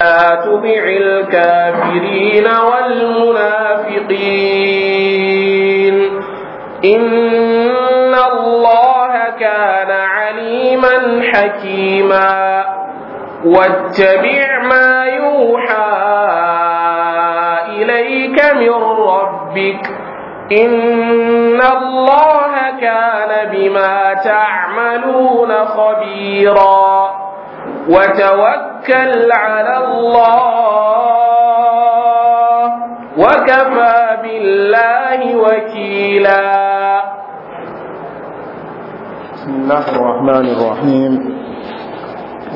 تبع الكافرين والمنافقين إن الله كان عليما حكيما واتبع ما يوحى إليك من ربك إن الله كان بما تعملون خبيراً وتوكل على الله وكفى بالله وكيلا بسم الله الرحمن الرحيم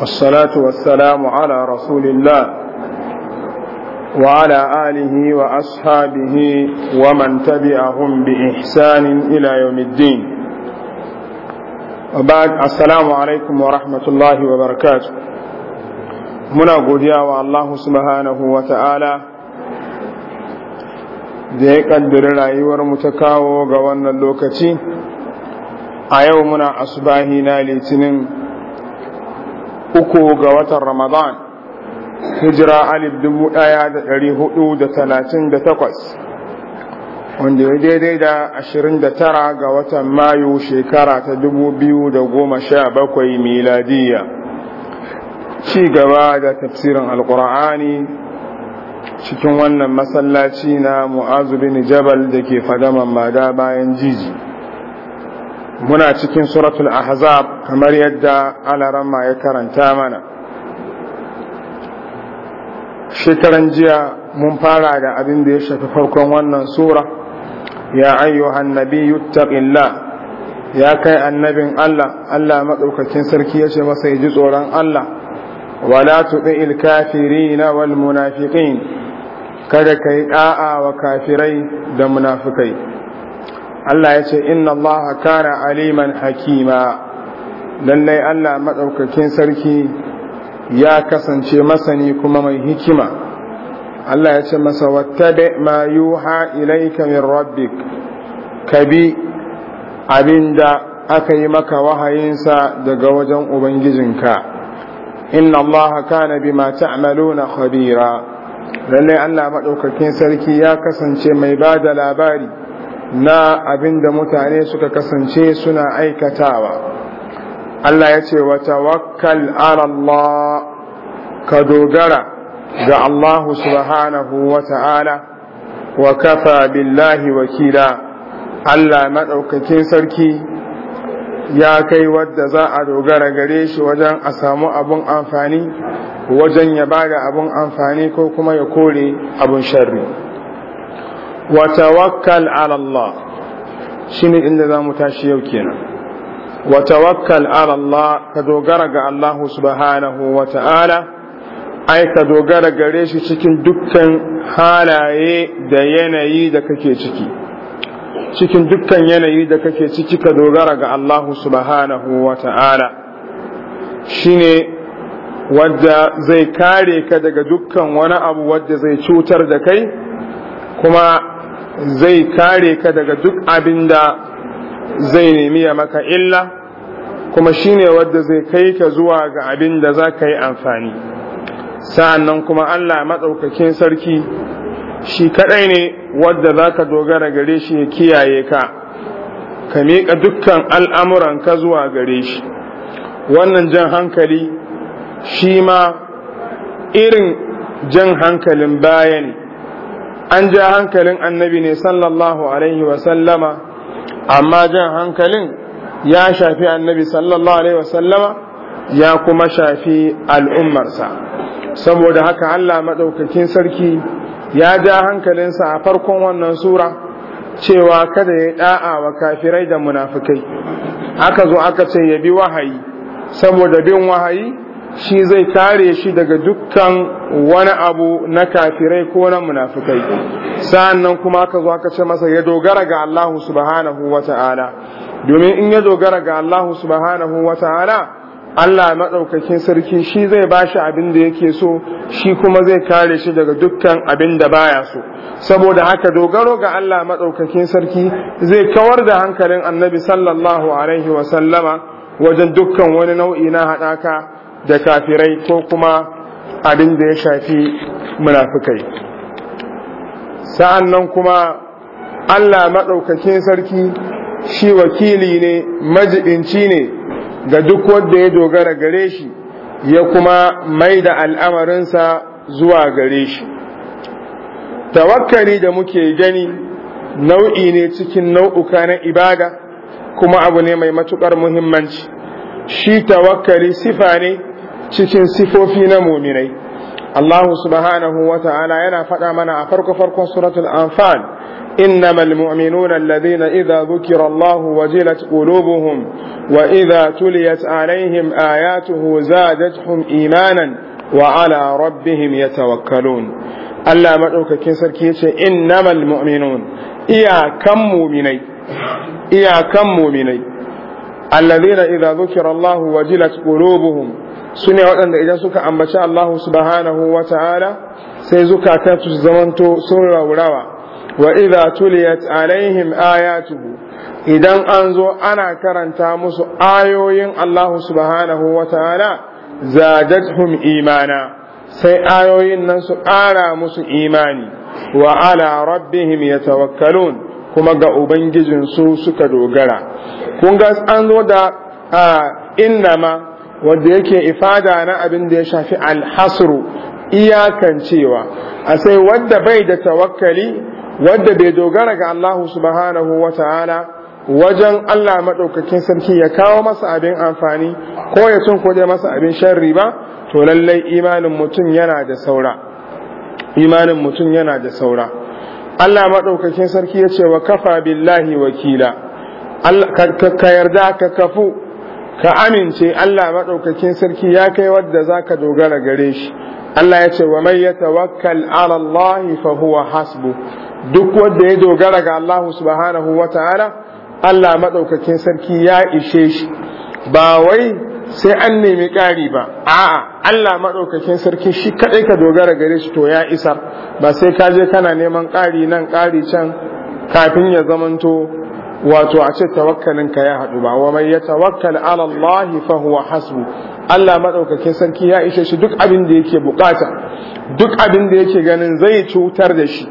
والصلاة والسلام على رسول الله وعلى آله وأصحابه ومن تبعهم بإحسان إلى يوم الدين وبعد السلام عليكم ورحمة wa barkatu. muna godiya wa Allah subhanahu wa ta'ala da ya ƙaddiri rayuwar mu ta kawo ga wannan lokaci a yau muna asubahina litinin uku ga watan ramadan hijira alif dubu ɗaya da ɗari huɗu da talatin da takwas wanda ya daidai da 29 ga watan mayu shekara ta 2017 miladiya ci gaba da tafsirin alkur'ani cikin wannan masallaci na mu'azu bin jabal da ke fadaman mada bayan jiji muna cikin suratul ahzab kamar yadda alarama ya karanta mana shekaran jiya mun fara da abin da ya shafi farkon wannan sura ya ayyuha annabiy yuttaqillah ya kai annabin Allah Allah madaukakin sarki yace masa yaji tsoron Allah wala tuqil kafiri na munafiqin kada kai da'a wa kafirai da munafukai. Allah ya ce inna Allah kana aliman hakima lallai Allah madaukakin sarki ya kasance masani kuma mai hikima Allah ya ce masa wattabi ma yuha ilayka min rabbik kabi abinda aka yi maka wahayinsa daga wajen ubangijinka inna allaha kana bima ta'maluna khabira lalle Allah madaukakin sarki ya kasance mai ba da labari na abinda mutane suka kasance suna aikatawa Allah ya ce wa tawakkal ala Allah ka dogara دعا subhanahu wa ta'ala wa kafa Billahi Wakila. Allah maɗaukakin sarki ya kai wadda za a dogara gare shi wajen a samu abin amfani wajen ya bada abun amfani ko kuma ya kore abun sharri wa tawakkal ala Allah inda zamu tashi yau kenan wa tawakkal Allah ka dogara ga Allah subhanahu wa ta'ala ai ka dogara gare shi cikin dukkan halaye da yanayi da kake ciki cikin dukkan yanayi da kake ciki ka dogara ga Allah subhanahu wa ta'ala shine wadda zai kare ka daga dukkan wani abu wadda zai cutar da kai kuma zai kare ka daga duk abin da zai nemi maka illa kuma shine wadda zai kai ka zuwa ga abin da za ka yi amfani sa'annan kuma Allah matsaukakin sarki shi kaɗai ne wadda za ka dogara gare shi ya kiyaye ka ka miƙa dukkan al'amuran ka zuwa gare shi wannan jan hankali shi ma irin jan hankalin bayan an ja hankalin annabi ne sallallahu alaihi wasallama amma jan hankalin ya shafi annabi sallallahu alaihi wasallama ya kuma shafi al'ummarsa saboda haka Allah maɗaukakin sarki ya ja hankalinsa a farkon wannan sura cewa kada ya ɗa'a wa kafirai da munafukai aka zo aka ce ya bi wahayi saboda bin wahayi shi zai kare shi daga dukkan wani abu na kafirai ko na munafukai sa'annan kuma aka zo aka ce masa ya dogara ga Allah subhanahu wata'ala domin in ya dogara ga Allah subhanahu wata'ala Allah maɗaukakin sarki shi zai ba shi abin da yake so shi kuma zai kare shi daga dukkan abin da baya so saboda haka dogaro ga Allah maɗaukakin sarki zai kawar da hankalin annabi sallallahu alaihi wasallama wajen dukkan wani nau'i na haɗaka da kafirai ko kuma abin da ya shafi munafukai sa'an nan kuma Allah maɗaukakin sarki shi wakili ne majibinci ne ga duk wanda ya dogara gare shi ya kuma mai da al'amarinsa zuwa gare shi tawakkali da muke gani nau'i ne cikin nau'uka na ibada kuma abu ne mai matuƙar muhimmanci shi tawakkali sifa ne cikin sifofi na muminai Allah subhanahu wa ta'ala yana faɗa mana a farko farkon suratul anfal innamal mu'minuna alladhina idza dhukira Allah wajilat qulubuhum wa idza tuliyat alaihim ayatuhu zadatuhum imanan wa ala ya yatawakkalun Allah madaukakin sarki yace innamal mu'minun iyakan mu'minai iyakan mu'minai alladhina idza dhukira Allah wajilat qulubuhum su ne waɗanda idan suka ambaci Allah subhanahu wa ta'ala sai ta su zamanto sun raurawa wa idha tuliyat alaihim ayatuhu idan an zo ana karanta musu ayoyin Allah subhanahu wa ta'ala zadatuhum imana sai ayoyin nan su ƙara musu imani wa ala rabbihim tawakkalun kuma ga ubangijinsu suka dogara kun ga an zo da innama Wanda yake ifada na abin da ya shafi alhasru iyakancewa a sai wadda bai da tawakkali wanda bai dogara ga Allah subhanahu wata'ala wajen Allah maɗaukakin sarki ya kawo masa abin amfani ko ya cin kuje masa abin sharri ba to lallai imanin mutum yana da saura imanin mutum yana da saura Allah maɗaukakin sarki ya ce wa kafa billahi wakila ka yarda ka kafu ka amince Allah maɗaukakin sarki ya kai wadda za ka dogara gare shi Allah ya ce wa mai ya tawakkal ala Allah fa huwa hasbu duk wanda ya dogara ga Allah subhanahu wa ta'ala Allah maɗaukakin sarki ya ishe shi ba wai sai an nemi ƙari ba a'a Allah maɗaukakin sarki shi kaɗai ka dogara gare shi to ya isa ba sai ka je kana neman ƙari nan ƙari can kafin ya zamanto wato a ce tawakkalin ka ya haɗu ba wa mai ya tawakkal alallahi Allah fa hasbu Allah madaukakin sarki ya ishe shi duk abin da yake bukata duk abin da yake ganin zai cutar da shi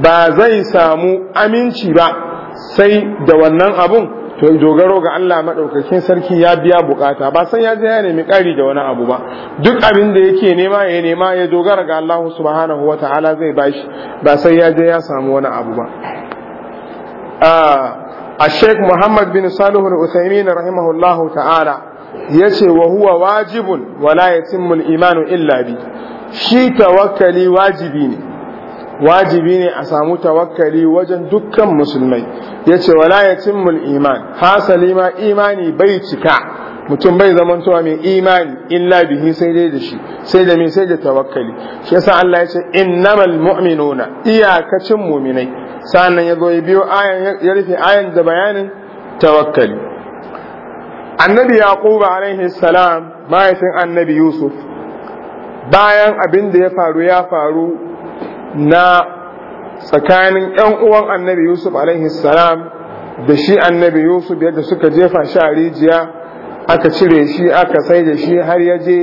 ba zai samu aminci ba sai da wannan abun to dogaro ga Allah madaukakin sarki ya biya bukata ba sai ya je ya nemi kari da wani abu ba duk abin da yake nema ya nema ya dogara ga Allah subhanahu wataala zai bashi ba sai ya je ya samu wani abu ba ah, الشيخ محمد بن صالح الأثيمين رحمه الله تعالى يشي وهو واجب ولا يتم الإيمان إلا به شي توكلي واجبين واجبين أسامو توكلي وجن دكا مسلمين يشي ولا يتم الإيمان حاصل ما إيماني بيتك mutum bai zamantowa mai imani in labihi sai dai da shi sai da me sai da tawakkali shi yasa Allah ya ce innamal mu'minuna iyakacin mu'minai sannan ya zo ya biyo ayan ya rufe ayan da bayanin tawakkali annabi yaqub alaihi salam mahaifin annabi yusuf bayan abin da ya faru ya faru na tsakanin ‘yan uwan annabi Yusuf salam da shi annabi Yusuf yadda suka jefa shi a rijiya aka cire shi aka sai da shi har ya je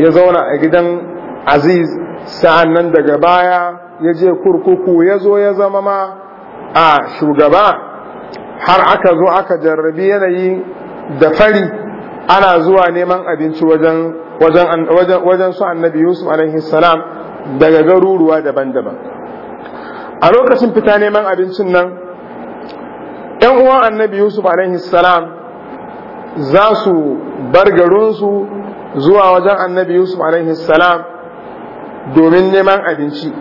ya zauna a gidan aziz sa'an nan daga baya ya je kurkuku ya zo ya zama ma a shugaba har aka zo aka jarrabi yanayi da fari ana zuwa neman abinci wajen su annabi yusuf alaihi salam daga garuruwa daban-daban a lokacin fita neman abincin nan ‘yan uwan annabi yusuf salam za su bar garinsu zuwa wajen annabi yusuf alaihi salam domin neman abinci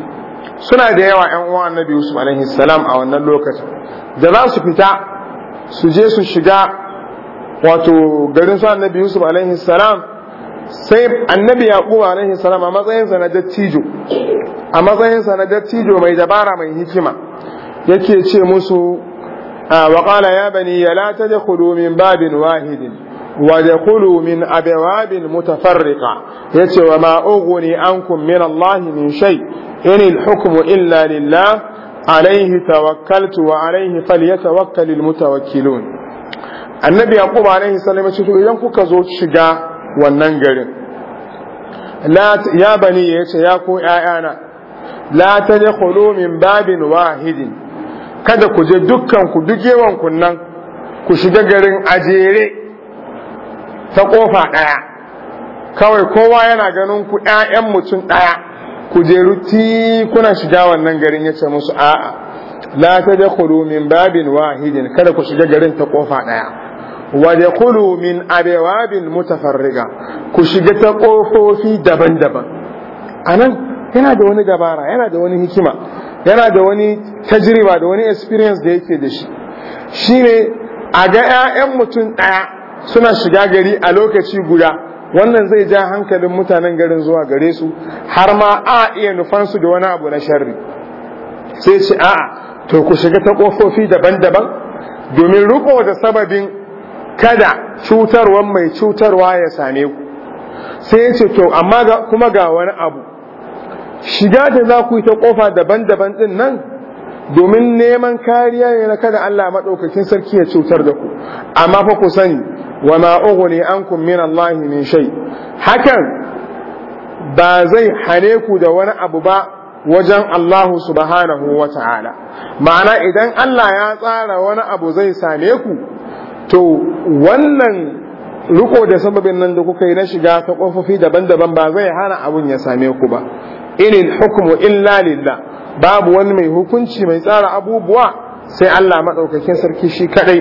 suna da yawa ‘yan uwan annabi yusuf alaihi salam a wannan lokacin da za su fita su je su shiga wato garin su annabi yusuf alaihi salam sai annabi yaquba alaihi salam a matsayinsa na dattijo a matsayinsa na dattijo mai dabara mai hikima yake ce musu وقال يا بني لا تدخلوا من باب واحد ودخلوا من أبواب متفرقة يتي وما أغني عنكم من الله من شيء إن الحكم إلا لله عليه توكلت وعليه فليتوكل المتوكلون النبي يعقوب عليه السلام يقول إذا كنت زوج شجاع wannan garin ya bani ya ce ya ku ‘ya'yana la ta min babin wahidin kada ku je dukkan ku duk yawan kunnan ku shiga garin ajere ta kofa ɗaya kawai kowa yana ganin ku ‘ya'yan mutum ɗaya ku je ruti kuna shiga wannan garin yace ce musu a'a la ta da min babin wahidin kada ku shiga garin ta kofa ɗaya wadakulu min abwabin mutafarriga ku shiga ta ƙofofi daban-daban anan nan yana da wani dabara yana da wani hikima yana da wani tajriba da wani experience da yake da shi shine a ga 'ya'yan mutum ɗaya suna shiga gari a lokaci guda wannan zai ja hankalin mutanen garin zuwa gare su har ma a iya nufansu da wani abu na sharri sai ce a'a to ku shiga ta ƙofofi daban-daban domin riko da sababin kada cutarwa mai cutarwa ya same ku sai ce to amma kuma ga wani abu shiga da za ku yi ta kofa daban-daban din nan domin neman kariya ne na kada Allah maɗaukakin sarki ya cutar da ku amma fa ku sani wa ne an kun min Allah min shai. hakan ba zai hane ku da wani abu ba wajen Allah subhanahu wa ta'ala ma'ana idan Allah ya tsara wani abu zai same ku to wannan riko da sababin nan da kuka yi na shiga ta kofofi daban-daban ba zai hana abun ya same ku ba inin hukumu illa lillah babu wani mai hukunci mai tsara abubuwa sai Allah madaukakin sarki shi kaɗai.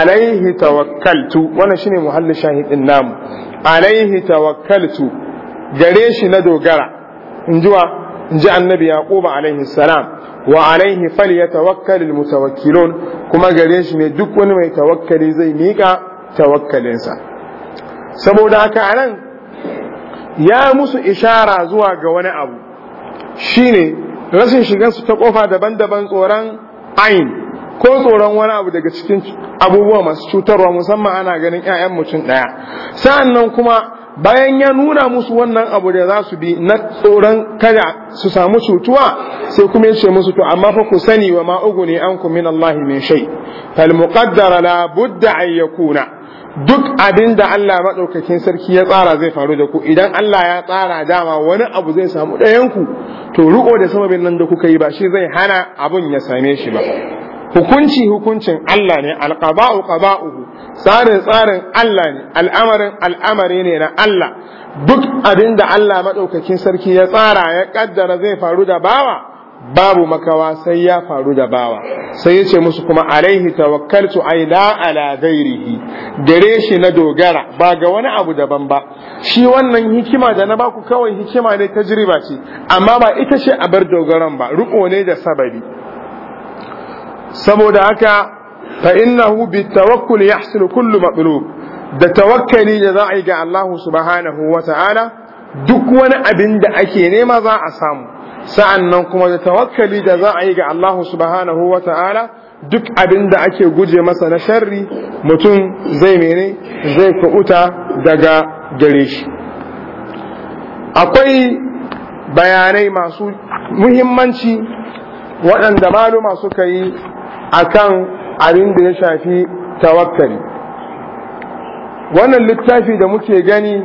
alaihi tawakkaltu wannan shine muhallin shahidin namu alaihi tawakkaltu gare shi na dogara injuwa inji annabi yaquba alaihi salam wa alaihi falyatawakkalul mutawakkilun kuma gare shi ne duk wani mai tawakkali zai mika tawakkalinsa saboda haka anan ya musu ishara zuwa ga wani abu shine rashin su ta kofa daban-daban tsoron ayin ko tsoron wani abu daga cikin abubuwa masu cutarwa musamman ana ganin 'ya'yan mutum ɗaya sa'an nan kuma bayan ya nuna musu wannan abu da za su bi na tsoron kada su samu cutuwa sai kuma ya ce musu to amma fa ku sani wa ma'ugu ne an min Allah min shai. fal muqaddara la budda na. duk abin da Allah maɗaukakin sarki ya tsara zai faru da ku idan Allah ya tsara dama wani abu zai samu ɗayanku to riƙo da sababin nan da kuka yi ba shi zai hana abun ya same shi ba hukunci hukuncin Allah ne alqaba'u qaba'uhu tsarin tsarin Allah ne al'amarin al'amari ne na Allah duk abin da Allah maɗaukakin sarki ya tsara ya ƙaddara zai faru da bawa babu makawa sai ya faru da bawa sai ya ce musu kuma alaihi tawakkaltu ai la ala ghairihi gare shi na dogara ba ga wani abu daban ba shi wannan hikima da na baku kawai hikima ne ta tajriba ce amma ba ita ce a bar dogaran ba ruko ne da sabari saboda haka fa innahu bitawakkul yahsul kullu maqlub da tawakkali da za a yi ga Allah subhanahu wata'ala duk wani abin da ake nema za a samu sa'an nan kuma da tawakkali da za a yi ga Allah subhanahu wa ta'ala duk abin da ake guje masa na sharri mutum zai mene zai kuɓuta daga gare shi akwai bayanai masu muhimmanci waɗanda maluma suka yi a kan abin da ya shafi tawakkali wannan littafi da muke gani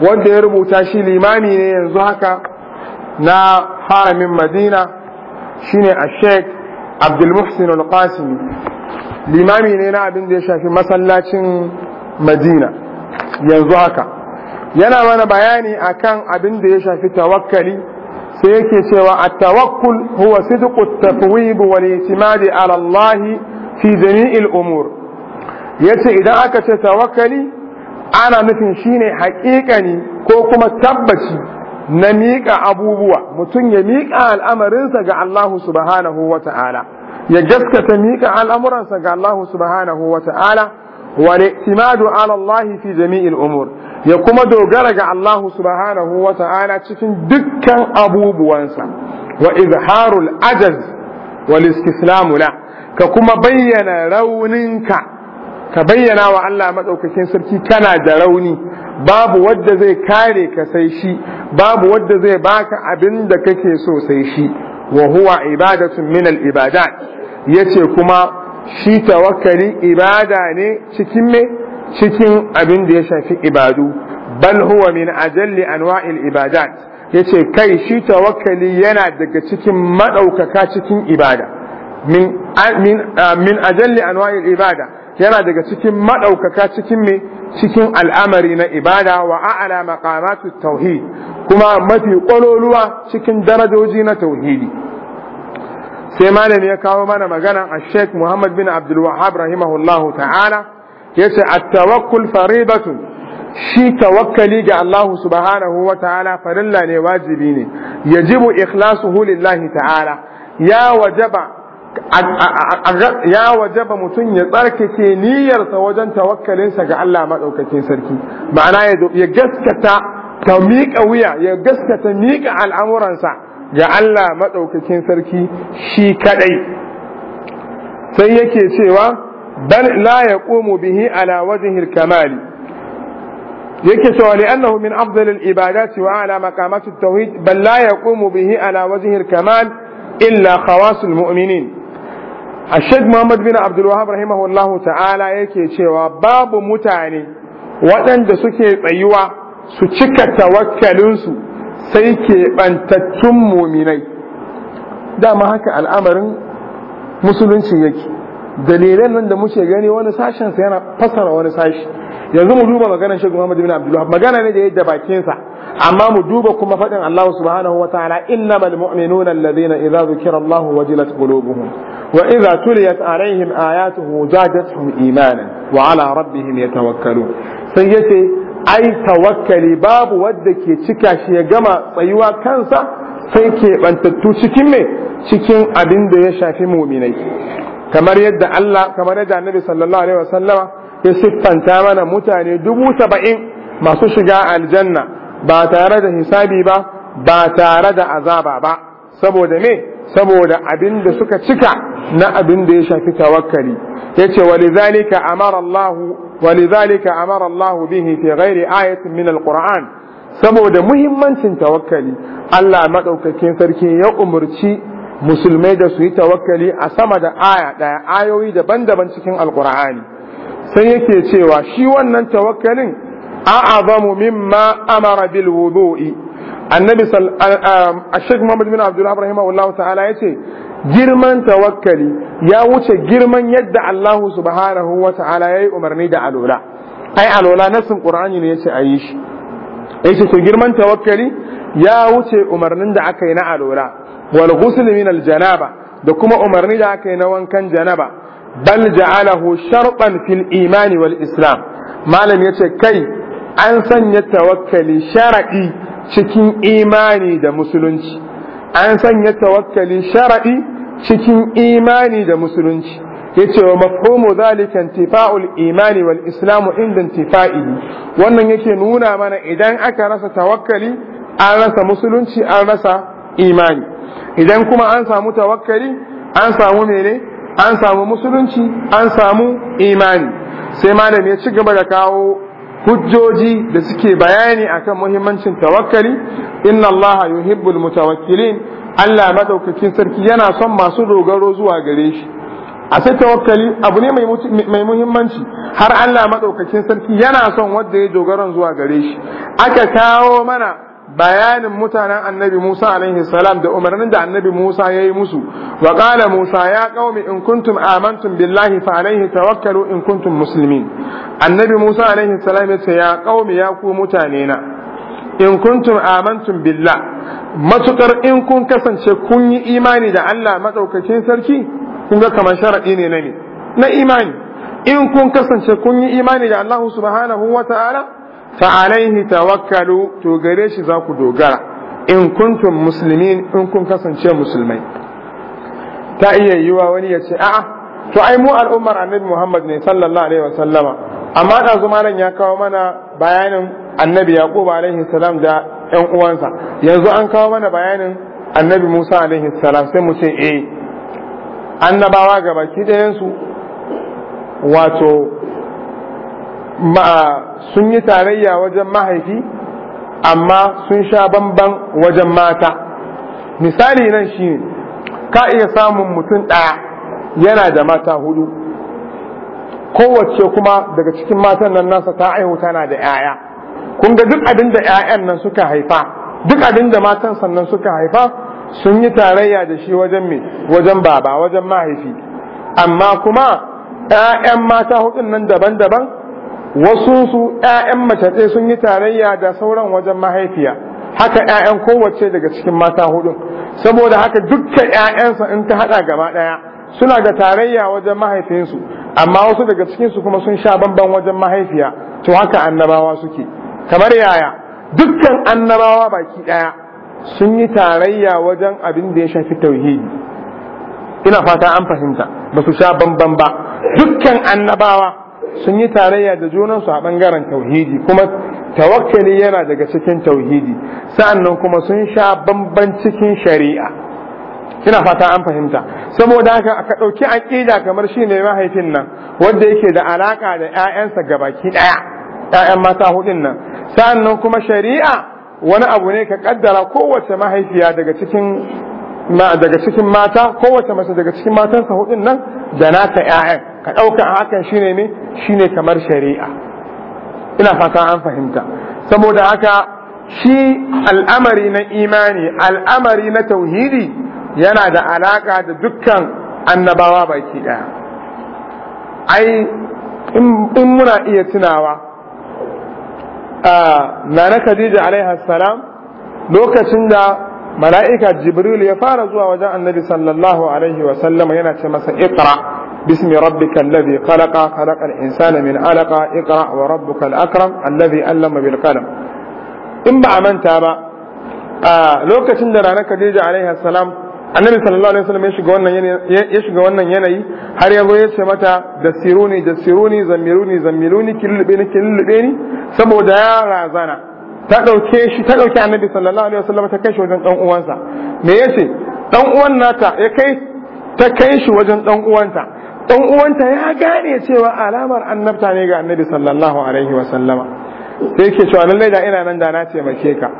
wanda ya rubuta shi limami ne yanzu haka na haramin madina shine a sheik abdulmuhsin al-qasimi limami ne na abin da ya shafi masallacin madina yanzu haka yana mana bayani akan abin da ya shafi tawakkali sai yake cewa a tawakkul huwa sidqu tafwibu tafwid wal i'timad ala Allah fi jami'il umur yace idan aka ce tawakkali ana nufin shine haƙiƙani ko kuma tabbaci na miƙa abubuwa mutum ya miƙa al'amarinsa ga Allah subhanahu wa ta'ala ya gaskata miƙa al'amuransa ga Allah subhanahu wa ta'ala wa timadu ala fi jami'il umur ya kuma dogara ga Allah subhanahu wa ta'ala cikin dukkan abubuwansa wa izharul ajaz wal istislamu ka kuma bayyana rauninka ka bayyana wa Allah madaukakin sarki kana da rauni babu wadda zai kare ka sai shi babu wadda zai baka abin da kake so sai shi wa huwa ibadatun min al ibadat yace kuma shi tawakkali ibada ne cikin me cikin abin da ya shafi ibadu bal huwa min ajalli anwa'il ibadat yace kai shi tawakkali yana daga cikin madaukaka cikin ibada min min ajalli anwa'il ibada yana daga cikin maɗaukaka cikin me cikin al'amari na ibada wa a'ala maqamatu tauhid kuma mafi ƙwaloluwa cikin darajoji na tauhidi sai malami ya kawo mana magana a sheikh muhammad bin abdul wahab rahimahullahu ta'ala yace at-tawakkul faridatun shi tawakkali ga Allah subhanahu wa ta'ala farilla ne wajibi ne yajibu ikhlasuhu lillahi ta'ala ya wajaba ya wajaba mutum ya tsarkake niyyarsa wajen tawakkalinsa ga Allah maɗaukakin sarki ma'ana ya gaskata ta miƙa wuya ya gaskata miƙa al'amuransa ga Allah maɗaukakin sarki shi kaɗai sai yake cewa bal la ya ƙomo bihi ala wajihil kamali yake cewa ne annahu min afdalil ibadati wa ala makamatu tauhid bal la ya ƙomo bihi ala wajihil kamal illa khawasul mu'minin a sheikh muhammad bin abdulwahab rahimahullahu ta'ala yake cewa babu mutane waɗanda suke tsayuwa su cika tawakkalinsu sai ke keɓantattun muminai dama haka al'amarin musulunci yake dalilan nan da muke gani wani sashensa yana fasara wani sashi yanzu mu duba maganar sheikh muhammad bin Abdul abdulwahab magana ne da yadda bakinsa amma mu duba kuma faɗin Allah subhanahu wa ta'ala innamal mu'minuna alladhina idza dhukira Allah wajilat qulubuhum wa idza tuliyat alaihim ayatuhu zadatuhum imanan wa ala rabbihim yatawakkalun sai yace ai tawakkali babu wanda ke cika shi ya gama tsayuwa kansa sai ke bantattu cikin me cikin abin da ya shafi mu'minai kamar yadda Allah kamar yadda Annabi sallallahu alaihi wasallama ya siffanta mana mutane dubu saba'in masu shiga aljanna ba tare da hisabi ba ba tare da azaba ba saboda me saboda abin da suka cika na abin da ya shafi tawakkali yace walidhalika amara Allah walidhalika amara Allah bihi fi ghairi ayatin min alquran saboda muhimmancin tawakkali Allah madaukakin sarki ya umurci musulmai da su yi tawakkali a sama da aya daya ayoyi daban-daban cikin alqur'ani sai yake cewa shi wannan tawakkalin a'azamu mimma amara bil wudu'i annabi Sheikh Muhammad bin Abdullah rahimahullahu ta'ala yace girman tawakkali ya wuce girman yadda Allah subhanahu wa ta'ala yayi umarni da alola ai alola nasin Qur'ani ne yace ayi shi yace to girman tawakkali ya wuce umarnin da aka yi na alola wal ghusl janaba da kuma umarni da aka yi na wankan janaba bal ja'alahu sharɓan fil imani wal islam malam yace kai an sanya tawakkali sharaɗi cikin imani da musulunci an sanya tawakkali sharaɗi cikin imani da musulunci yace wa mafhumu zalika intifa'ul imani wal islam inda intifa'i wannan yake nuna mana idan aka rasa tawakkali an rasa musulunci an rasa imani idan kuma an samu tawakkali an samu mene an samu musulunci an samu imani sai malam ya ci gaba da kawo hujjoji da suke bayani akan muhimmancin tawakkali inna allaha yuhibbul mutawakkilin Allah madaukakin sarki yana son masu dogaro zuwa gare shi a sai tawakkali abu ne mai muhimmanci har Allah madaukakin sarki yana son wanda ya dogaron zuwa gare shi aka kawo mana bayanin mutanen annabi Musa alaihi salam da umarnin da annabi Musa ya yi musu wa qala Musa ya qaumi in kuntum amantum billahi fa alaihi tawakkalu in kuntum muslimin annabi Musa alaihi salam ya ce ya qaumi ya ku mutane na in kuntum amantum billah matukar in kun kasance kun yi imani da Allah madaukakin sarki kun ga kamar sharadi ne ne na imani in kun kasance kun yi imani da Allah subhanahu wa ta'ala fa alaihi tawakkalu to gare shi za ku dogara in kuntum muslimin in kun kasance musulmai ta iya yiwa wani ya ce a'a to ai mu al'ummar annabi Muhammad ne sallallahu alaihi wasallama amma da zumaran ya kawo mana bayanin annabi Yaqub alaihi salam da ƴan uwansa yanzu an kawo mana bayanin annabi Musa alaihi salam sai mu ce eh annabawa gabaki da su wato sun yi tarayya wajen mahaifi amma sun sha bamban wajen mata misali nan shi ka iya samun mutum ɗaya yana da mata hudu kowace kuma daga cikin matan nan nasa ta aihu tana da 'ya'ya kun ga duk abin da 'ya'yan nan suka haifa duk abin da matan sannan suka haifa sun yi tarayya da shi wajen mai wajen baba wajen mahaifi amma kuma 'ya'yan mata hudun nan daban-daban wasu su ƴaƴan mace sai sun yi tarayya da sauran wajen mahaifiya haka ƴaƴan kowace daga cikin mata hudu saboda haka dukkan sa in ta hada gaba ɗaya suna da tarayya wajen mahaifinsu amma wasu daga cikin su kuma sun sha bamban wajen mahaifiya to haka annabawa suke kamar yaya dukkan annabawa baki ɗaya sun yi tarayya wajen abin da ya shafi tauhidi ina fata an fahimta ba su sha bamban ba dukkan annabawa sun yi tarayya da junansu a bangaren tauhidi kuma tawakkali yana daga cikin tauhidi sa'annan kuma sun sha bamban cikin shari'a ina fata an fahimta saboda haka aka ɗauki aƙida kamar shi ne mahaifin nan wanda yake da alaƙa da 'ya'yansa gabaki ɗaya 'ya'yan mata huɗin nan sa'annan kuma shari'a wani abu ne ka ƙaddara kowace mahaifiya daga cikin daga cikin mata kowace mace daga cikin matansa huɗin nan da naka ƴaƴan ka ɗauka hakan shine ne ne kamar shari'a ina fata an fahimta saboda haka shi al'amari na imani al'amari na tauhidi yana da alaƙa da dukkan annabawa baki ɗaya ai in muna iya tunawa na na khadija alaihi salam lokacin da mala'ika jibril ya fara zuwa wajen annabi sallallahu alaihi wa sallam yana ce masa iqra bismi rabbikal ladhi khalaqa khalaqal insana min alaqa iqra wa rabbukal akram alladhi allama bil qalam in ba a manta ba a lokacin da ranar khadija alaihi salam annabi sallallahu alaihi wasallam ya shiga wannan ya shiga wannan yanayi har yazo ya ce mata dasiruni dasiruni zamiruni zamiruni killube ni killube ni saboda ya razana ta ɗauke shi ta ɗauki annabi sallallahu alaihi wasallam ta kai shi wajen ɗan uwansa me yace ɗan uwan nata ya kai ta kai shi wajen ɗan uwanta ɗan uwanta ya gane cewa alamar annabta ne ga annabi sallallahu alaihi wasallama sai yake cewa lallai da ina nan da na taimake ka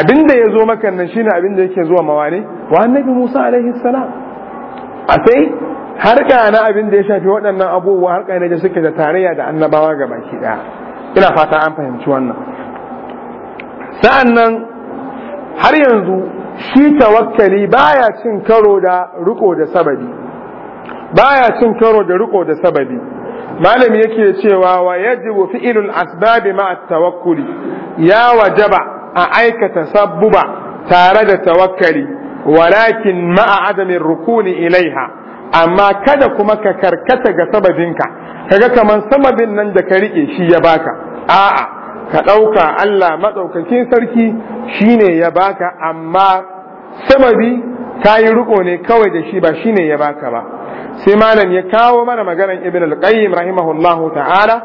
abinda ya zo maka nan shine abinda yake zuwa mawane wa annabi Musa alaihi salam a sai harka na abin da ya shafi waɗannan abubuwa harka ne da suke da tarayya da annabawa ga baki ɗaya ina fata an fahimci wannan sa'annan har yanzu shi tawakkali baya cin karo da riko da sababi baya cin karo da riko da sababi malami yake cewa wa yajibu fi'ilul asbabi ma tawakkuli ya wajaba a aikata sabbuba tare da tawakkali walakin ma'a adamin rukuni ilaiha amma kada kuma ka karkata ga sababinka kaga kaman sababin nan da ka rike shi ya baka a'a ka ɗauka Allah maɗaukakin sarki shine ya baka amma sababi ka yi riko ne kawai da shi ba ya baka ba sai malam ya kawo mana maganar ibn al-qayyim rahimahullahu ta'ala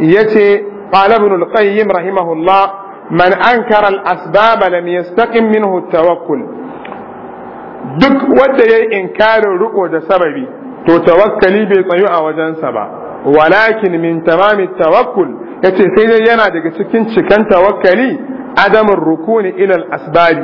yace qala ibn al-qayyim rahimahullah man ankara al-asbab lam yastaqim minhu tawakkul duk wanda yayi inkarin riko da sababi to tawakkali bai tsayu a wajensa ba walakin min tamami tawakkul yace sai dai yana daga cikin cikan tawakkali adamin rukuni ilal asbabi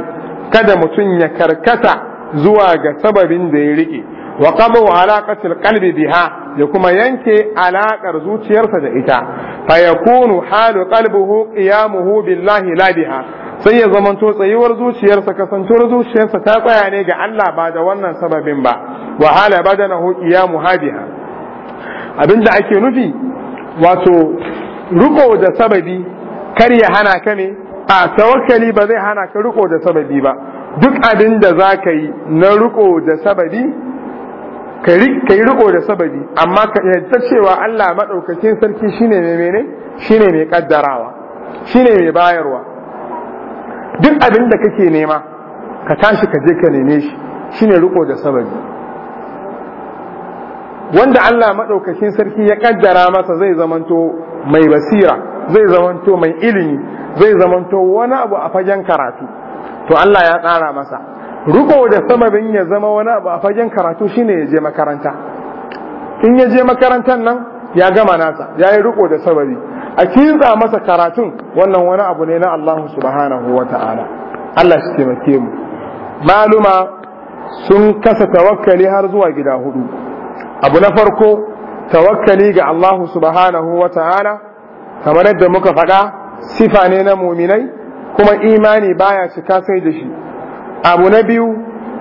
kada mutum ya karkata zuwa ga sababin da ya rike wa qabu alaqatil qalbi biha ya kuma yanke alaqar zuciyarsa da ita fa yakunu halu qalbuhu qiyamuhu billahi la biha sai ya zamanto tsayuwar zuciyarsa kasantuwar zuciyarsa ta tsaya ne ga Allah ba da wannan sababin ba wa hala badanahu qiyamu hadiha abinda ake nufi wato riko da sababi kar ya hana ka ne a tawakkali ba zai hana ka riko da sababi ba duk abin da za ka yi na riko da sababi ka yi riko da sababi amma ka yadda cewa Allah maɗaukacin sarki shi ne mai mene ne mai ƙaddarawa. Shi ne mai bayarwa duk abin da kake nema ka tashi ka je ka neme shi shi ne riko da sababi wanda Allah maɗaukakin sarki ya ƙaddara masa zai zamanto mai basira zai zamanto mai ilimi zai zamanto wani abu a fagen karatu to Allah ya tsara masa riko da sababin ya zama wani abu a fagen karatu shine ya je makaranta in ya je makarantar nan ya gama nasa ya yi riko da sababi a kinsa masa karatun wannan wani abu ne na Allah subhanahu wa ta'ala Allah shi taimake mu maluma sun kasa tawakkali har zuwa gida hudu abu na farko tawakkali ga Allah subhanahu wa ta'ala kamar yadda muka faɗa sifa ne na muminai kuma imani baya cika sai da shi abu na biyu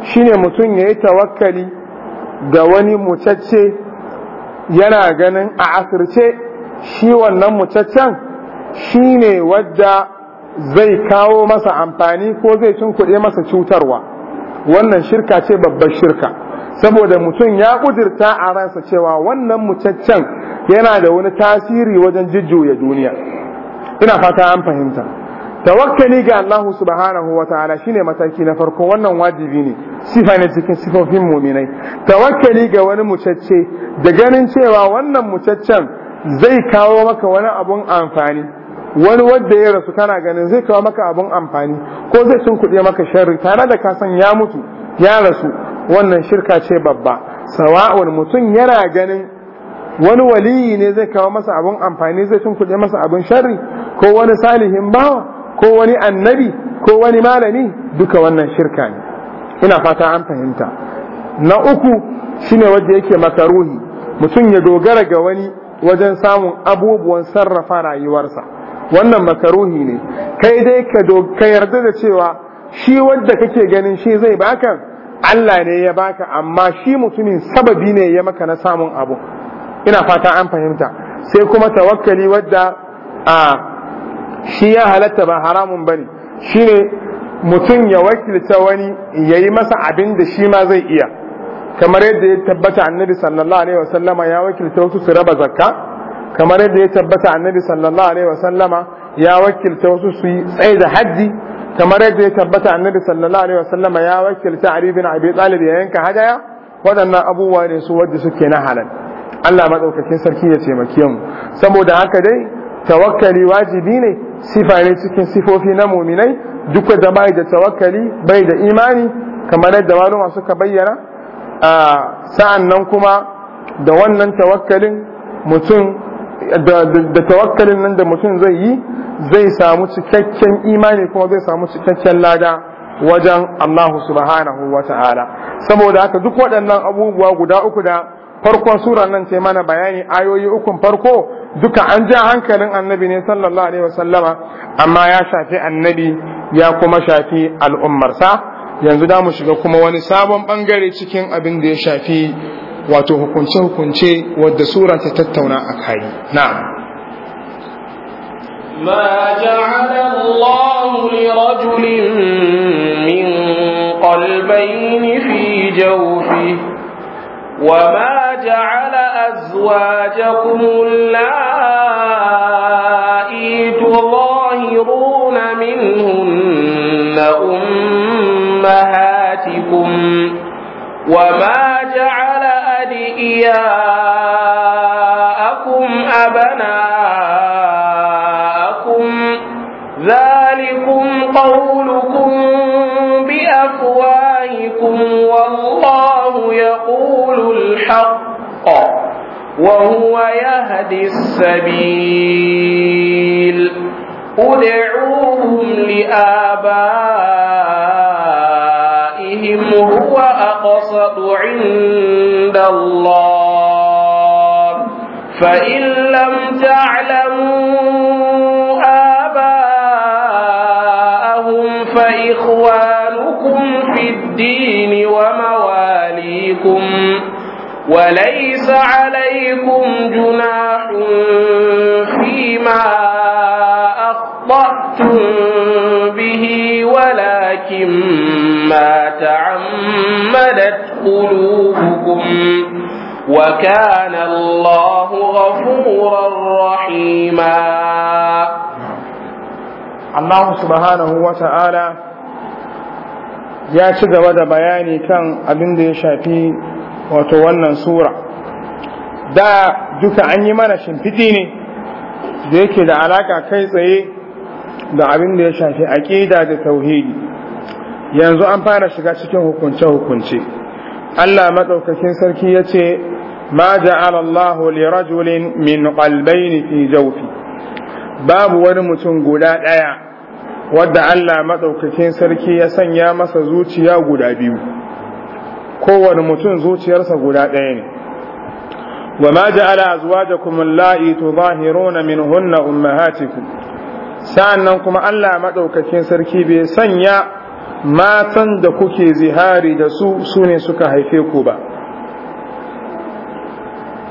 shine mutum ya yi tawakkali ga wani mutacce yana ganin a asirce shi wannan mutaccen shine wadda zai kawo masa amfani ko zai cin kuɗe masa cutarwa wannan shirka ce babbar shirka saboda mutum ya kudirta a ransa cewa wannan mutaccen yana da wani tasiri wajen jujjuya duniya ina fata an fahimta tawakkali ga Allah subhanahu wa ta'ala shine mataki na farko wannan wajibi ne sifa ne cikin sifofin muminai tawakkali ga wani mutacce da ganin cewa wannan mutaccen zai kawo maka wani abun amfani wani wanda ya rasu kana ganin zai kawo maka abun amfani ko zai sun kuɗe maka sharri tare da kasan ya mutu ya rasu wannan shirka ce babba sawa'un mutum yana ganin wani waliyi ne zai kawo masa abun amfani zai kuɗe masa abun sharri ko wani salihin bawa ko wani annabi ko wani malami duka wannan shirka ne ina fata an fahimta na uku shine wanda yake makaruhi mutum ya dogara ga wani wajen samun abubuwan sarrafa rayuwarsa wannan makaruhi ne kai dai ka yarda da cewa shi wanda kake ganin shi zai baka Allah ne ya baka amma shi mutumin sababi ne ya maka na samun abu ina fata an fahimta sai kuma tawakkali wadda a shi ya halatta ba haramun bane shine mutum ya wakilta wani ya yi masa abin da shi ma zai iya kamar yadda ya tabbata annabi sallallahu alaihi wasallama ya wakilta wasu su raba zakka kamar yadda ya tabbata annabi sallallahu alaihi wasallama ya wakilta wasu su yi tsaye da hajji kamar yadda ya tabbata annabi sallallahu alaihi wasallam ya wakilta Ali bin Abi Talib ya yanka hadaya wadannan abubuwa ne su wadda suke na halal Allah madaukakin sarki ya ce taimake mu saboda haka dai tawakkali wajibi ne sifa ne cikin sifofi na muminai duk da bai da tawakkali bai da imani kamar yadda maluma suka bayyana sa'an nan kuma da wannan tawakkalin mutum da tawakkalin nan da mutum zai yi zai samu cikakken imani kuma zai samu cikakken lada wajen Allah subhanahu wa ta'ala saboda haka duk waɗannan abubuwa guda uku da farkon sura nan ce mana bayani ayoyi ukun farko duka an ja hankalin annabi ne sallallahu alaihi wasallama amma ya shafi annabi ya kuma shafi al'ummarsa yanzu da mu shiga kuma wani sabon bangare cikin abin da ya shafi wato hukunce-hukunce wadda sura ta tattauna a kai na'am ما جعل الله لرجل من قلبين في جوفه وما جعل أزواجكم اللائي تظاهرون منهن أمهاتكم وما أولياءكم أبناءكم ذلكم قولكم بأفواهكم والله يقول الحق وهو يهدي السبيل ادعوهم لآبائهم هو أقسط عندهم الله فإن لم تعلموا آباءهم فإخوانكم في الدين ومواليكم وليس عليكم جناح فيما أخطأتم به ولكن ما تعمدت قلوبكم وكان الله غفورا رحيما الله سبحانه وتعالى ya ci gaba da bayani kan abin da ya shafi wato wannan sura da duka an yi mana shimfiti ne da yake da alaka kai tsaye da abin da ya shafi aƙida da tauhidi yanzu an fara shiga cikin hukunce-hukunce Allah maɗaukakin sarki yace ma ja'ala Allahu li rajulin min ƙalbai fi jawfi babu wani mutum guda ɗaya. wadda Allah maɗaukakin sarki ya sanya masa zuciya guda biyu kowane mutum zuciyarsa guda ɗaya ne wa ma ja'ala azwajakum allati tudahiruna minhunna Sa'an nan kuma Allah maɗaukakin sarki bai sanya matan da kuke zihari da su su ne suka haife ku ba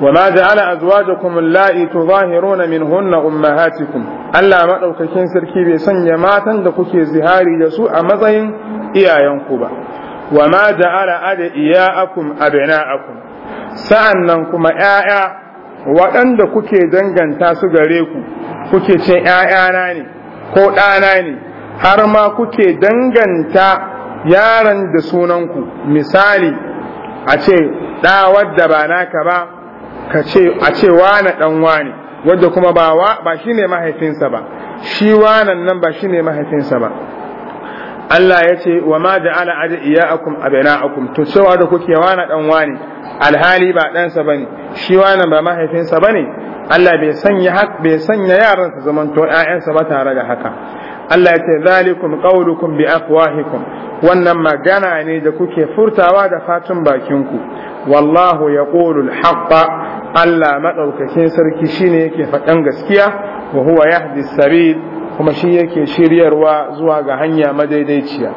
وما جعل أزواجكم اللائي تظاهرون منهن أمهاتكم ألا Allah دوكاكين sarki bai sanya matan da kuke zihari da su a matsayin iyayenku ba wama ja'ala adiyakum abna'akum sa'annan kuma 'ya'ya waɗanda kuke danganta su gare ku kuke cin 'ya'yana ne ko ɗana ne har ma kuke danganta yaron da sunanku misali a ce ɗa wadda ba naka ba ka ce a ce wane dan wane wadda kuma ba wa? ba shine mahaifinsa ba shi wanan nan ba shine mahaifinsa ba Allah ya ce wa ma ja'ala adiyakum abna'akum to cewa da kuke wana dan wani alhali ba ɗansa bane shi wana ba mahaifinsa bane Allah bai sanya hak bai sanya yaran su zamanto sa ba tare da haka Allah ya ce zalikum qawlukum bi afwahikum wannan magana ne da kuke furtawa da fatun ku. wallahu yaqulu al-haqqa Allah madaukakin sarki shine yake faɗan gaskiya wa huwa yahdi sabil kuma shi yake shiryarwa zuwa ga hanya madaidaiciya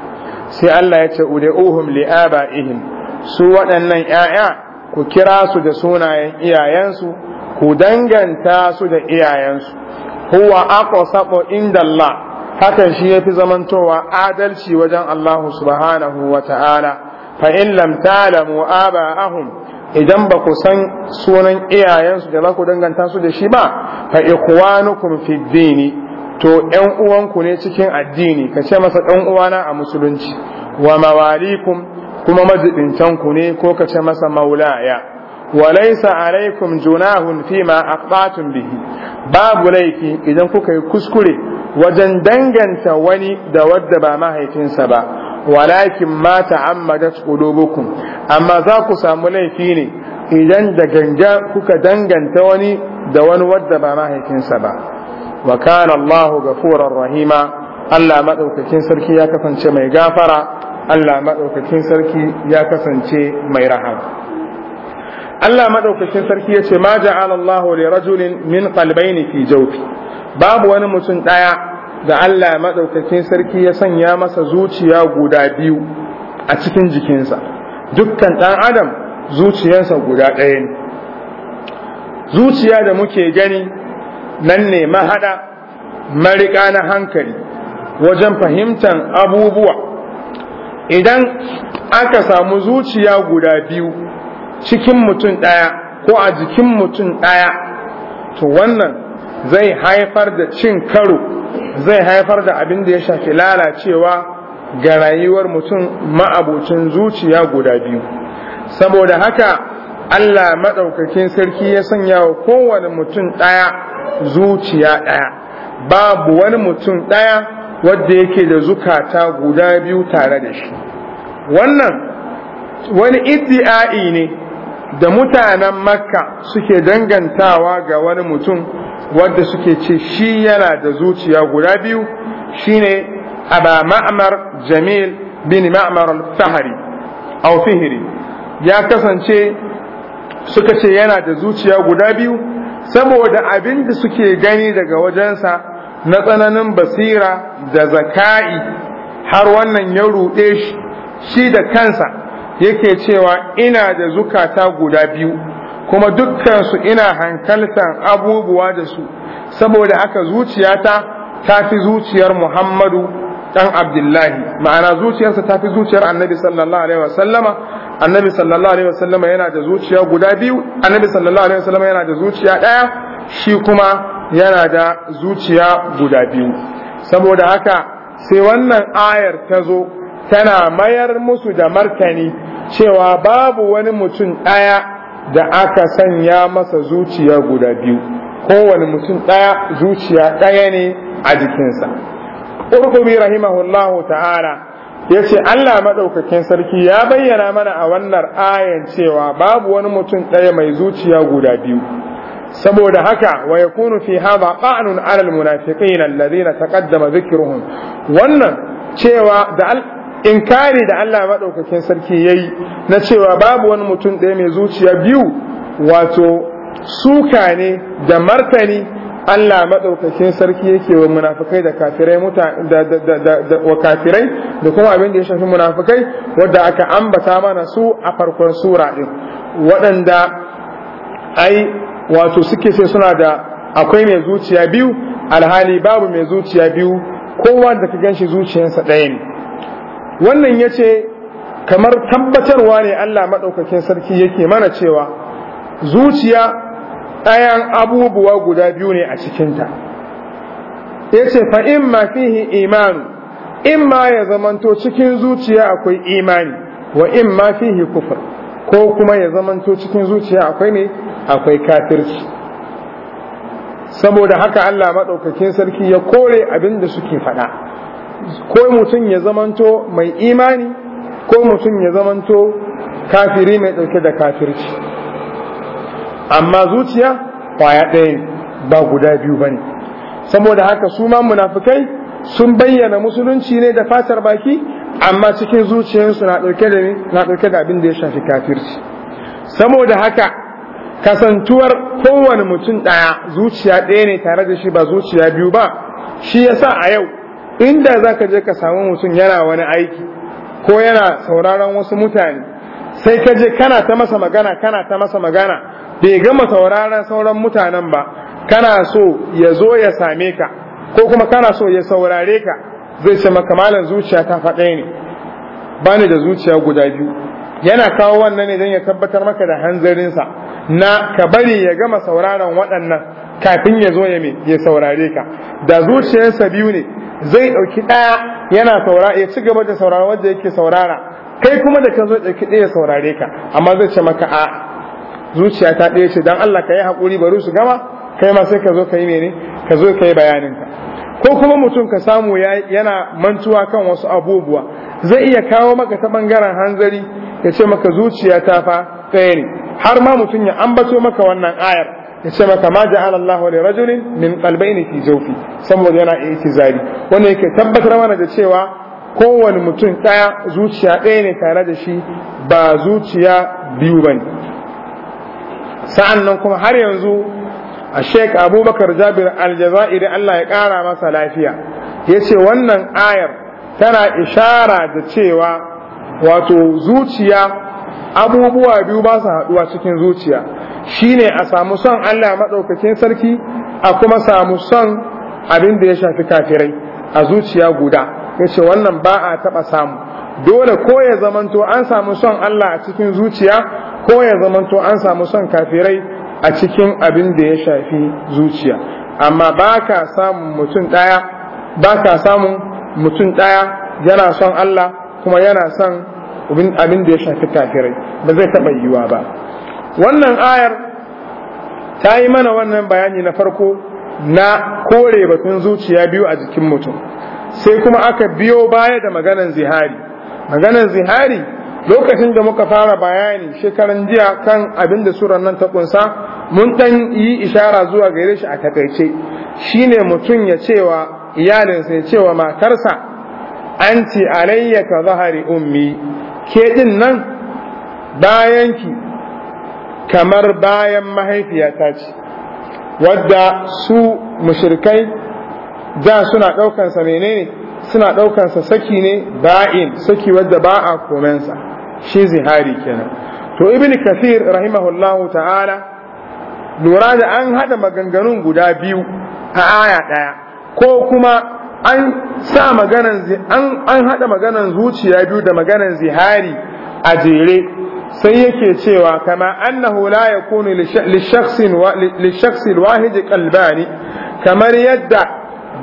sai Allah ya ce ud'uhum li abaihim su waɗannan ƴaƴa ku kira su da sunayen iyayensu ku danganta su da iyayensu huwa sabo inda Allah hakan shi yafi zamantowa adalci wajen Allah subhanahu wa ta'ala fa in lam ta'lamu aba'ahum idan ba ku san sunan iyayensu da za ku danganta su da shi ba fa ikhwanukum fi dini to ƴan uwanku ne cikin addini ka ce masa ɗan uwana a musulunci wa mawalikum kuma majibincan ku ne ko ka ce masa maulaya وليس عليكم جناح فيما أخطأتم به باب ليكي إذا كوكي كسكري وجن دنجن تواني دود با ما هيتين سبا ولكن ما تعمدت قلوبكم أما ذاك سامو ليكيني إذا دنجا كوكا دنجن تواني دوان ود با ما هيتين سبا وكان الله غفورا رحيما Allah maɗaukakin sarki ya kasance mai gafara Allah maɗaukakin sarki ya kasance mai rahama Allah madaukakin sarki ya ce ma ja'ala Allah li rajulin min qalbayn fi jawfi babu wani mutum daya da Allah madaukakin sarki ya sanya masa zuciya guda biyu a cikin jikinsa dukkan dan adam zuciyarsa guda ɗaya ne zuciya da muke gani nan ne mahada mariƙa na hankali wajen fahimtar abubuwa idan aka samu zuciya guda biyu cikin mutum ɗaya ko a jikin mutum ɗaya to wannan zai haifar da cin karo zai haifar da abin da ya shafi lalacewa ga rayuwar mutum ma'abocin zuciya guda biyu saboda haka Allah maɗaukakin sarki ya sanya wa kowane mutum ɗaya zuciya ɗaya babu wani mutum ɗaya wadda yake da zukata guda biyu tare da shi wannan wani iddi'a'i ne da mutanen makka suke dangantawa ga wani mutum wadda suke ce shi yana da zuciya guda biyu shine aba ma'amar jamil bin ma'amar fahari au fihiri ya kasance suka ce yana da zuciya guda biyu saboda abinda suke gani daga wajensa na tsananin basira da zaka'i har wannan ya ruɗe shi da kansa yake cewa ina da zukata guda biyu kuma dukkansu ina hankaltan abubuwa da su saboda aka zuciyata ta fi zuciyar Muhammadu dan Abdullahi ma'ana zuciyarsa ta fi zuciyar Annabi sallallahu alaihi wasallama Annabi sallallahu alaihi wasallama yana da zuciya guda biyu Annabi sallallahu alaihi wasallama yana da zuciya daya shi kuma yana da zuciya guda biyu saboda haka sai wannan ayar ta zo tana mayar musu da martani cewa babu wani mutum ɗaya da aka sanya masa zuciya guda biyu kowane mutum ɗaya zuciya ɗaya ne a jikinsa ƙurƙubi rahimahullahu ta'ala ya ce Allah maɗaukakin sarki ya bayyana mana a wannan ayan cewa babu wani mutum ɗaya mai zuciya guda biyu saboda haka wa yakunu fi hadha qa'nun 'ala al-munafiqina taqaddama dhikruhum wannan cewa da inkari da Allah maɗaukakin sarki ya yi na cewa babu wani mutum ɗaya mai zuciya biyu wato suka ne da martani Allah maɗaukakin sarki yake wa munafukai da kafirai wa kafirai da kuma abin da ya shafi munafukai wadda aka ambata mana su a farkon sura ɗin waɗanda ai wato suke sai suna da akwai mai zuciya biyu alhali babu mai zuciya biyu kowa da ka ganshi zuciyarsa ɗaya ne wannan ya ce kamar tabbatarwa ne Allah maɗaukakin sarki yake mana cewa zuciya ɗayan abubuwa guda biyu ne a cikinta ya ce fa'in hin imanu in ma ya zamanto cikin zuciya akwai imani wa in hin kufur ko kuma ya zamanto cikin zuciya akwai ne akwai kafirci saboda haka Allah maɗaukakin sarki ya kore abin da suke faɗa ko mutum ya zamanto mai imani ko mutum ya zamanto kafiri mai ɗauke da kafirci amma zuciya kwaya ɗaya ba guda biyu ba ne saboda haka su ma munafukai sun bayyana musulunci ne da fatar baki amma cikin zuciyarsu na ɗauke da abin da ya shafi kafirci saboda haka kasantuwar kowane mutum ɗaya zuciya ɗaya ne tare da shi ba zuciya biyu ba shi yasa a yau inda za ka je ka samu mutum yana wani aiki ko yana sauraron wasu mutane sai ka je kana ta masa magana kana ta masa magana bai gama sauraron sauran mutanen ba kana so ya zo ya same ka ko kuma kana so ya saurare ka zai ce maka malam zuciya ta faɗe ne ba ni da zuciya guda biyu yana kawo wannan ne don ya tabbatar maka da hanzarinsa na ka bari ya gama sauraron waɗannan kafin ya zo ya saurare ka da zuciyarsa biyu ne zai ɗauki ɗaya yana saurara ya ci gaba da saurara wanda yake saurara kai kuma da ka zo ɗauki ɗaya saurare ka amma zai ce maka a zuciya ta ɗaya ce dan Allah ka yi hakuri bari su gama kai ma sai ka zo ka yi mene ka zo ka yi bayaninka ko kuma mutum ka samu yana mantuwa kan wasu abubuwa zai iya kawo maka ta ɓangaren hanzari ya ce maka zuciya ta fa ɗaya ne har ma mutum ya ambato maka wannan ayar Yace ce maka ma ja'ala Allahu li rajulin min qalbayni fi saboda yana itizari wanda yake tabbatar mana da cewa kowane mutum daya zuciya ɗaya ne tare da shi ba zuciya biyu bane sa'an nan kuma har yanzu a Sheikh Abubakar Jabir Al-Jazairi Allah ya ƙara masa lafiya yace wannan ayar tana ishara da cewa wato zuciya abubuwa biyu ba su haɗuwa cikin zuciya shine a samu son Allah madaukakin sarki a kuma samu son abin da ya shafi kafirai a zuciya guda yace wannan ba a taɓa samu dole ko ya zamanto an samu son Allah a cikin zuciya ko ya zamanto an samu son kafirai a cikin abin da ya shafi zuciya amma ba ka samun mutum ɗaya ba ka samun mutum ɗaya yana son Allah kuma yana son abin da ya shafi kafirai ba zai taɓa yiwa ba wannan ayar ta yi mana wannan bayani na farko na kore batun zuciya biyu a jikin mutum sai kuma aka biyo baya da maganan zihari maganan zihari lokacin da muka fara bayani shekaran jiya kan abin da suran nan ta kunsa mun ɗan yi ishara zuwa gare shi a takaice shi ne mutum ya cewa iyalinsa ya cewa matarsa anti ce alayyaka zahari ummi ke din nan bayanki kamar bayan mahaifiyata ce wadda su mushrikai da suna ɗaukansa menene suna ɗaukansa saki ne ba'in saki wadda ba a komensa shi zihari kenan to ibn kathir rahimahullahu ta'ala lura da an hada maganganun guda biyu a aya ɗaya ko kuma an sa maganan an hada maganan zuciya biyu da maganan zihari a jere sai yake cewa kama annahu la yakunu li shakhsin wahid qalbani kamar yadda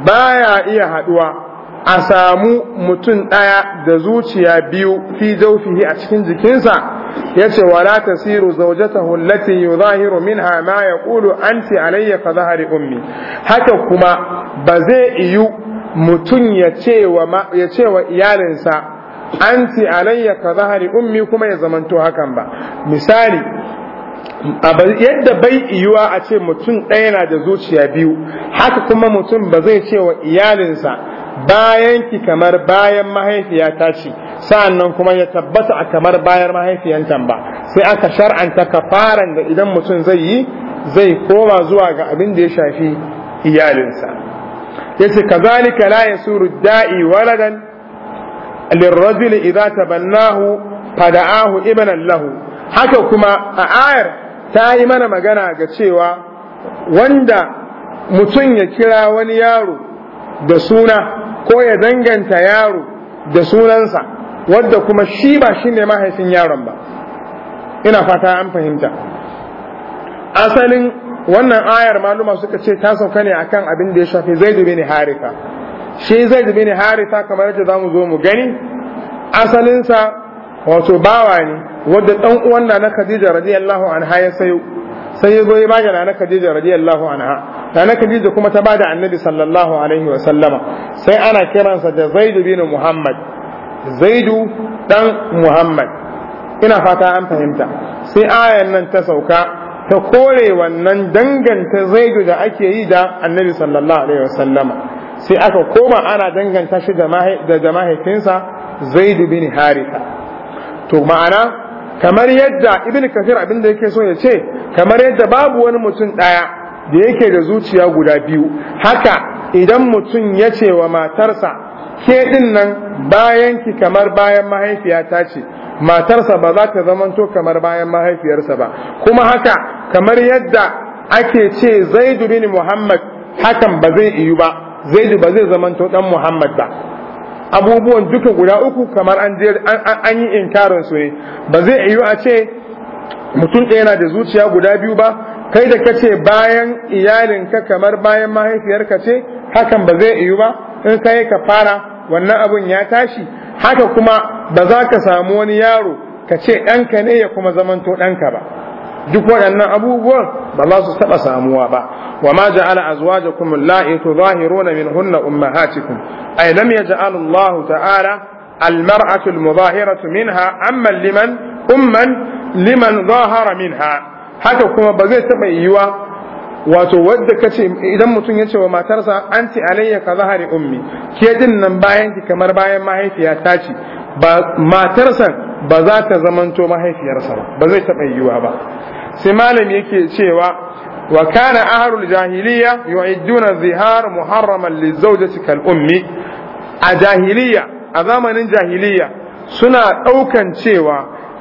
baya iya haduwa a samu mutum daya da zuciya biyu fi jawfihi a cikin jikinsa yace wala tasiru zawjatahu allati yuzahiru minha ma yaqulu anti alayya ka zahari ummi haka kuma ba zai iyu mutum ya ce wa iyalinsa anti alayya ka zahari ummi kuma ya zamanto hakan ba misali yadda bai iyuwa a ce mutum ɗaya na da zuciya biyu haka kuma mutum ba zai ce wa iyalinsa bayan ki kamar bayan mahaifiya ta ce sa'an nan kuma ya tabbata a kamar bayan mahaifiyantan ba sai aka shar'anta kafaran da idan mutum zai yi zai koma zuwa ga abin da ya shafi iyalinsa yace kazalika la yasuru da'i waladan lirrajul ta tabannahu fada'ahu Ibanallahu. haka kuma a ayar ta yi mana magana ga cewa wanda mutum ya kira wani yaro da suna ko ya danganta yaro da sunansa wadda kuma shi ba shi ne mahaifin yaron ba ina fata an fahimta asalin wannan ayar maluma suka ce ta sauka ne akan abin da ya zai zaidu bin harika shi zai bin harisa kamar yadda zamu zo mu gani asalinsa wato bawa ne wadda dan uwan na na Khadija radiyallahu anha ya sayo sai ya zo ya bada na Khadija radiyallahu anha na Khadija kuma ta ba da Annabi sallallahu alaihi wa sallama sai ana kiransa da Zaid bin Muhammad Zaidu dan Muhammad ina fata an fahimta sai ayan nan ta sauka ta kore wannan danganta zaidu da ake yi da annabi sallallahu alaihi wa sallama. sai aka koma ana danganta shi da mahaifinsa zaidu bin harita to ma'ana kamar yadda ibn kafir abinda yake so ya ce kamar yadda babu wani mutum ɗaya da yake da zuciya guda biyu haka idan mutum ya ce wa matarsa ke din nan bayan ki kamar bayan mahaifiyata ce matarsa ba za ta zamanto kamar bayan mahaifiyarsa ba kuma haka kamar yadda ake ce zaidu bin muhammad hakan ba zai iyu ba zaidu ba zai zamanto dan muhammad ba abubuwan duka guda uku kamar an je an yi inkarin su ne ba zai yiwu a ce mutum ɗaya yana da zuciya guda biyu ba kai da kace bayan iyalinka kamar bayan mahaifiyarka ce hakan ba zai yiwu ba in kai ka fara wannan abun ya tashi haka kuma ba za ka samu wani yaro ka ce ɗanka ne ya kuma zamanto ɗanka ba duk waɗannan abubuwan ba za su taɓa samuwa ba wa ma ja'ala azwajakum allati tuzahiruna minhunna ummahatikum ay lam yaj'al Allah ta'ala المرأة المظاهرة minha amma umman liman لمن ظاهر منها haka kuma ba zai taɓa yiwa wato wadda ka ce idan mutum ya ce wa matarsa an ce alayya ka zahari ummi ke din nan bayan ki kamar bayan mahaifiya ta ce ba matarsa ba za ta zamanto mahaifiyarsa ba ba zai taɓa yiwa ba sai malami yake cewa wa kana ahlul jahiliya yu'idduna zihar muharraman lizawjati kal ummi a jahiliya a zamanin jahiliya suna daukan cewa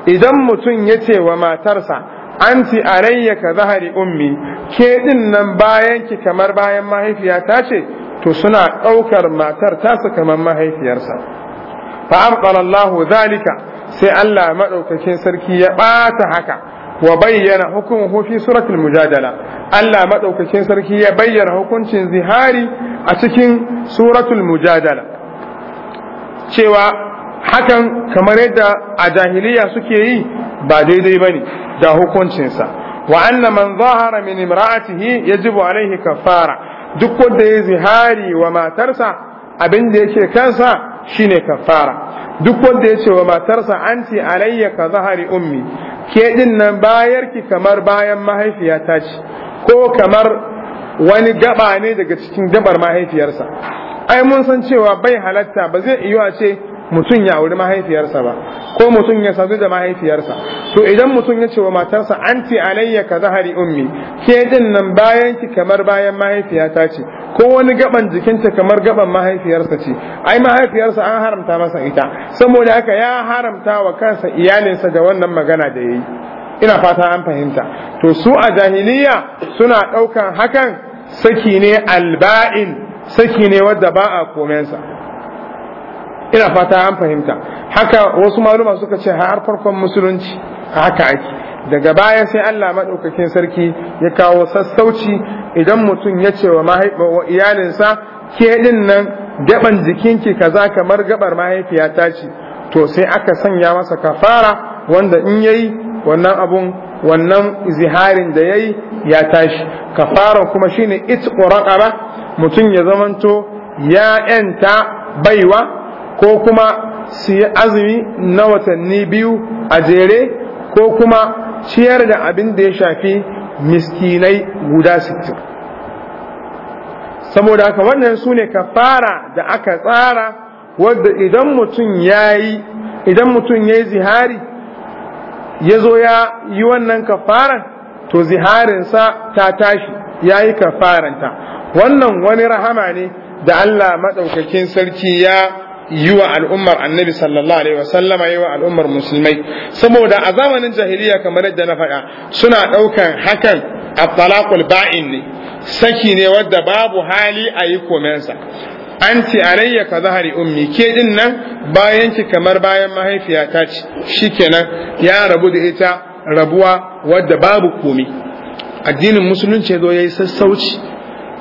idan mutum ya ce wa matarsa anti alayya ka zahari ummi ke din nan bayan ki kamar bayan mahaifiya ta ce to suna daukar matar tasa kamar mahaifiyarsa fa abqala Allahu zalika sai Allah madaukakin sarki ya bata haka wa bayyana hukumu fi suratul mujadala Allah madaukakin sarki ya bayyana hukuncin zihari a cikin suratul mujadala cewa hakan kamar yadda a jahiliya suke yi ba daidai bane da hukuncinsa wa anna man zahara min imra'atihi yajibu alaihi kafara duk wanda ya zihari wa matarsa abin da yake kansa shine kafara duk wanda ya ce wa matarsa an ce alayya ka zahari ummi ke din nan ki kamar bayan mahaifiyata ce ko kamar wani gaba ne daga cikin gabar mahaifiyarsa ai mun san cewa bai halatta ba zai iya ce mutum ya wuri mahaifiyarsa ba ko mutum ya sadu da mahaifiyarsa to idan mutum ya ce wa matarsa an ce alayya ka zahari ummi ke din nan bayan ki kamar bayan mahaifiyata ce ko wani gaban jikinta kamar gaban mahaifiyarsa ce ai mahaifiyarsa an haramta masa ita saboda haka ya haramta wa kansa iyalinsa da wannan magana da yayi ina fata an fahimta to su a jahiliya suna ɗaukan hakan saki ne alba'in saki ne wadda ba a komensa ina fata an fahimta haka wasu maluma suka ce har farkon musulunci haka ake daga baya sai Allah maɗaukakin sarki ya kawo sassauci idan mutum ya ce wa iyalinsa ke ɗin nan gaban jikinki kaza kamar gabar mahaifiyata ce to sai aka sanya masa kafara wanda in yayi wannan abun wannan ziharin da yayi ya tashi kafara kuma shine it raqaba mutum ya zamanto ya yanta baiwa ko kuma su yi azumi na watanni biyu a jere ko kuma ciyar da abin da ya shafi miskinai guda sittin saboda haka wannan su ne ka fara da aka tsara wadda idan mutum ya yi idan mutum ya yi zihari ya zo ya yi wannan ka fara to ziharinsa ta tashi ya yi ka faranta. wannan wani rahama ne da Allah maɗaukakin sarki ya yi wa al'ummar annabi sallallahu alaihi wasallama yi wa al'ummar musulmai saboda a zamanin jahiliya kamar yadda na faɗa suna ɗaukan hakan a talakul ba'in ne saki ne wadda babu hali a yi komensa anti alayya ka zahari ummi ke din nan bayan ki kamar bayan mahaifiyata ci. shikenan ya rabu da ita rabuwa wadda babu komi addinin musulunci zo yayi sassauci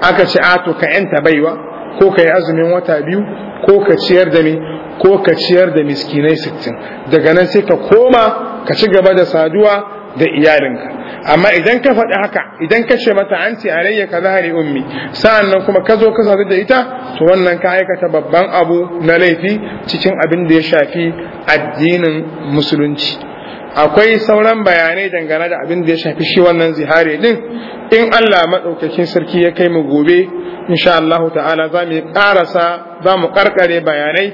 aka ce a to ka yanta baiwa ko ka yi azumin wata biyu ko ka ciyar da ne ko ka ciyar da miskinai sittin daga nan sai ka koma ka ci gaba da saduwa da iyalinka amma idan ka faɗi haka idan ka ce mata an ce alayya ka zahari ummi sa'an nan kuma ka zo ka sadu da ita to wannan ka aikata babban abu na laifi cikin abin da ya shafi addinin musulunci akwai sauran bayanai dangane da abin da ya shafi shi wannan zihari din in Allah maɗaukakin sarki ya kai mu gobe insha Allah ta'ala za mu karasa za mu karkare bayanai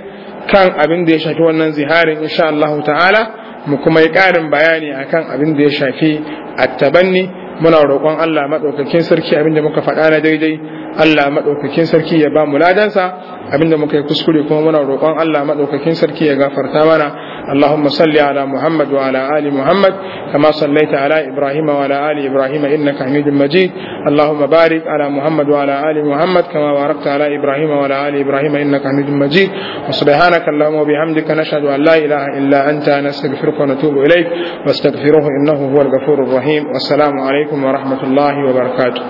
kan abin da ya shafi wannan ziharin insha Allah ta'ala mu kuma yi ƙarin bayani akan abin da ya shafi attabanni muna roƙon Allah maɗaukakin sarki abinda muka faɗa na daidai Allah maɗaukakin sarki ya ba mu ladansa abinda muka yi kuskure kuma muna roƙon Allah maɗaukakin sarki ya gafarta mana Allahumma salli ala Muhammad wa ala ali Muhammad kama sallaita ala Ibrahim wa ala ali Ibrahim innaka Hamidum Majid Allahumma barik ala Muhammad wa ala ali Muhammad kama barakta ala Ibrahim wa ala ali Ibrahim innaka Hamidum Majid wa subhanaka Allahumma wa bihamdika nashhadu an la ilaha illa هو الغفور الرحيم والسلام عليكم عليكم ورحمة الله وبركاته